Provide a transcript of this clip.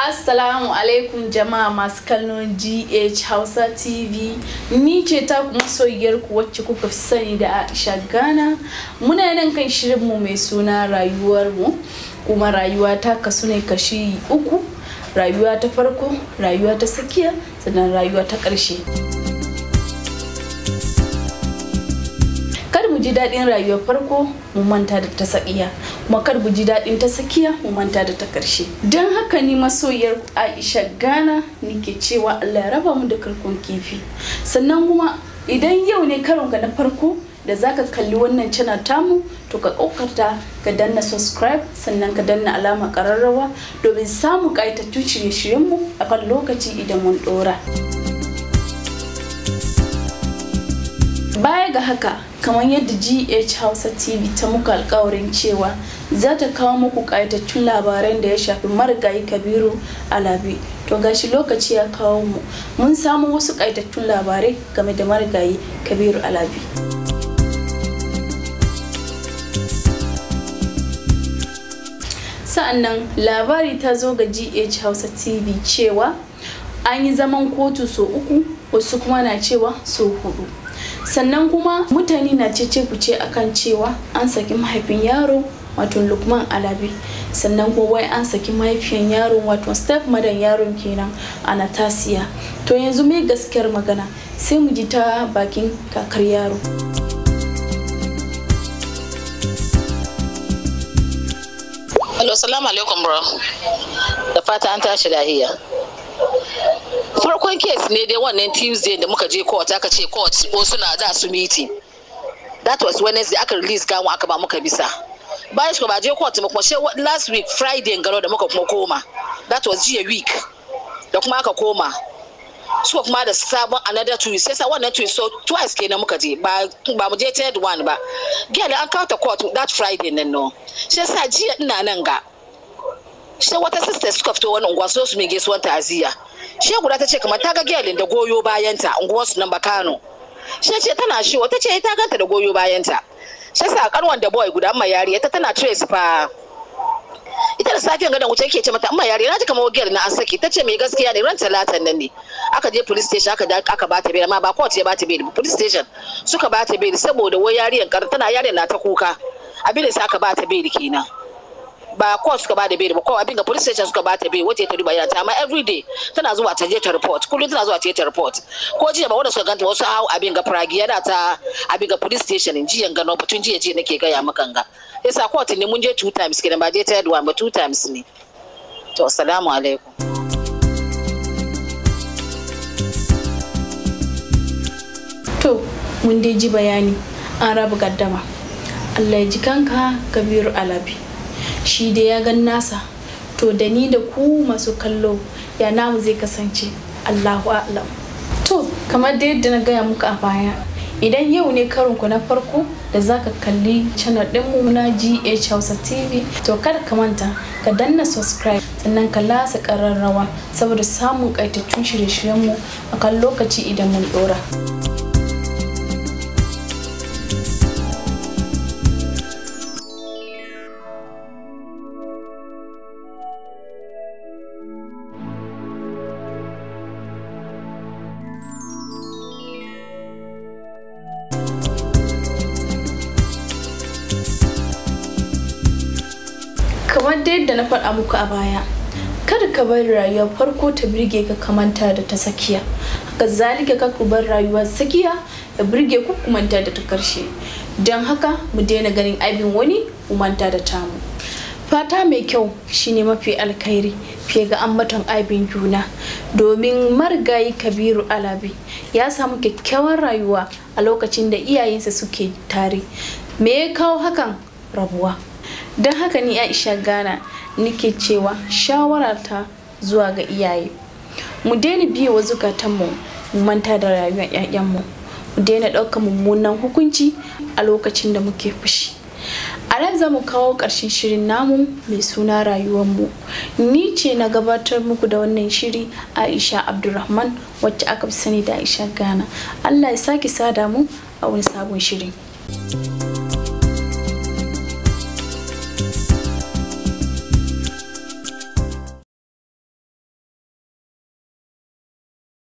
Assalamu alaikum jama'a masu kallon GH Hausa TV. Ni ce ta masoyiyar ku wacce kuka fi sani da Aisha Ghana. Muna nan kan shirin mu mai suna rayuwar mu kuma rayuwa ta kasu ne kashi uku, rayuwa ta farko, rayuwa ta tsakiya, sannan rayuwa ta ƙarshe. ji daɗin rayuwar farko mu manta da ta sakiya kuma kar guji ji daɗin ta sakiya mu manta da ta ƙarshe don haka ni masoyar aisha gana nike cewa allah ya raba mu da karkon kifi sannan kuma idan yau ne karon ka na farko da zaka kalli wannan cana tamu to ka kokarta ka danna subscribe sannan ka danna alama kararrawa domin samun kayatattun shirye-shiryenmu a kan lokaci idan mun dora. baya ga haka kamar yadda gh hausa tv ta muka alkawarin cewa za ta kawo muku kayatattun labaran da ya shafi marigayi kabiru alabi to gashi lokaci ya kawo mu mun samu wasu kayatattun labarai game da marigayi kabiru alabi sa'annan labari ta zo ga gh hausa tv cewa an yi zaman kotu so uku wasu kuma na cewa so hudu sannan kuma mutane na cece kuce akan cewa an saki mahaifin yaro wato lukman alabi sannan kuma wai an saki mahaifiyan yaro wato step madan yaron kenan natasiya to yanzu mai gaskiyar magana sai mu ji ta bakin kakar yaro Hello, salamu alaikum bro. Da fata an tashi lahiya. farkon case ne dai wannan tuesday da muka je court aka ce court ko suna za su meeting that was wednesday aka release gamu aka ba muka bisa bayan shi ba je court mu kuma she last week friday garo da muka kuma koma that was jiya week da kuma aka koma suka kuma da sabon another two sai sa wannan two so twice kenan muka je ba ba mu je third one ba gyale an kawo ta court that friday nan no sai sa jiya ina nan ga sai wata sister suka fito wani unguwa so su mai gaisuwar ta'aziyya she guda ta ce kamar ta ga giyalin da goyo bayanta su nan bakano she ce tana shiwa ta ce eh ta ganta da goyo bayanta she sa karwan da boy guda amma yari ta tana cire su fa ita da safiyan gadon wuce yake ce mata amma yari na ji kamar gel na an saki ta ce mai gaskiya ne ran talatan nan ne aka je police station aka aka ba ta bail amma ba court ya ba ta bail police station suka ba ta bail saboda wai yariyan tana yariyan na ta kuka abin da sa aka ba ta bail kenan ba court suka bada bail ba ko abin ga police station suka bata bail wace ta duba yana ta amma every day tana zuwa ta je ta report kullum tana zuwa ta je ta report ko jiya ba wanda suka ganta wasu hau abin ga fragi yana ta abin ga police station in jiyan gano tun jiya jiya nake gaya maka ga yasa court ne mun je two times kenan ba je ta yadwa ba two times ne to assalamu alaikum to mun dai ji bayani an rabu gaddama Allah ya ji kanka Kabiru Alabi. shi da ya gan nasa to da ni da ku masu kallo ya namu zai kasance allahu alam to kamar da yadda na gaya muku a baya idan yau ne karin ku na farko da za ka kalli channel ɗinmu na gh hausa tv to kada ka manta ka danna subscribe sannan ka lasa ƙararrawa saboda samun ƙaitattun shirye-shiryenmu a kan lokaci idan mun ɗora. kamar da yadda na faɗa muku a baya kada ka bar rayuwar farko ta birge ka kamanta da ta sakiya zalika ka ku bar rayuwar sakiya da birge ku kumanta da ta karshe don haka mu daina ganin aibin wani kumanta da tamu fata mai kyau shine mafi alkhairi fiye ga ambaton aibin juna domin marigayi kabiru alabi ya samu kyakkyawan rayuwa a lokacin da iyayensa suke tare me ya kawo hakan rabuwa don haka ni aisha gana nike cewa ta zuwa ga iyaye mu daina biye wa zukatanmu mu manta da rayuwar ƴaƴanmu mu daina ɗaukar mummunan hukunci a lokacin da muke fushi a ran za mu kawo ƙarshen shirin namu mai suna rayuwarmu ni ce na gabatar muku da wannan shiri aisha abdulrahman wacce aka fi sani da aisha gana allah ya sake sada mu a wani sabon shirin.